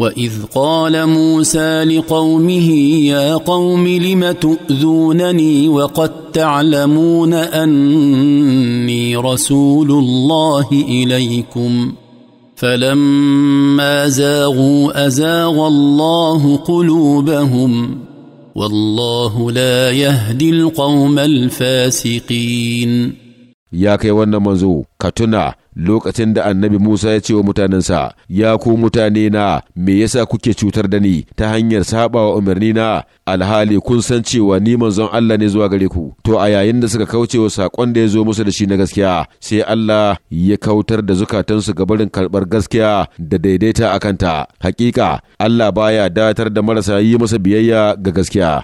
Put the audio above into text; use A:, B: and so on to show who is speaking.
A: واذ
B: قال موسى لقومه يا قوم لم تؤذونني وقد تعلمون اني رسول الله اليكم فلما زاغوا ازاغ الله قلوبهم والله لا
C: يهدي القوم الفاسقين يا كي منزو كتنا lokacin da annabi Musa ya ce wa mutanensa, Ya ku mutane na, me yasa kuke cutar da ni ta hanyar saba umarni na alhali kun san cewa ni manzon Allah ne zuwa gare ku. To a yayin da suka kauce wa saƙon da ya zo musu da shi na gaskiya, sai Allah ya kautar da zukatansu ga barin karɓar gaskiya da daidaita a kanta. Hakika, Allah baya datar da marasa yi masa biyayya ga gaskiya.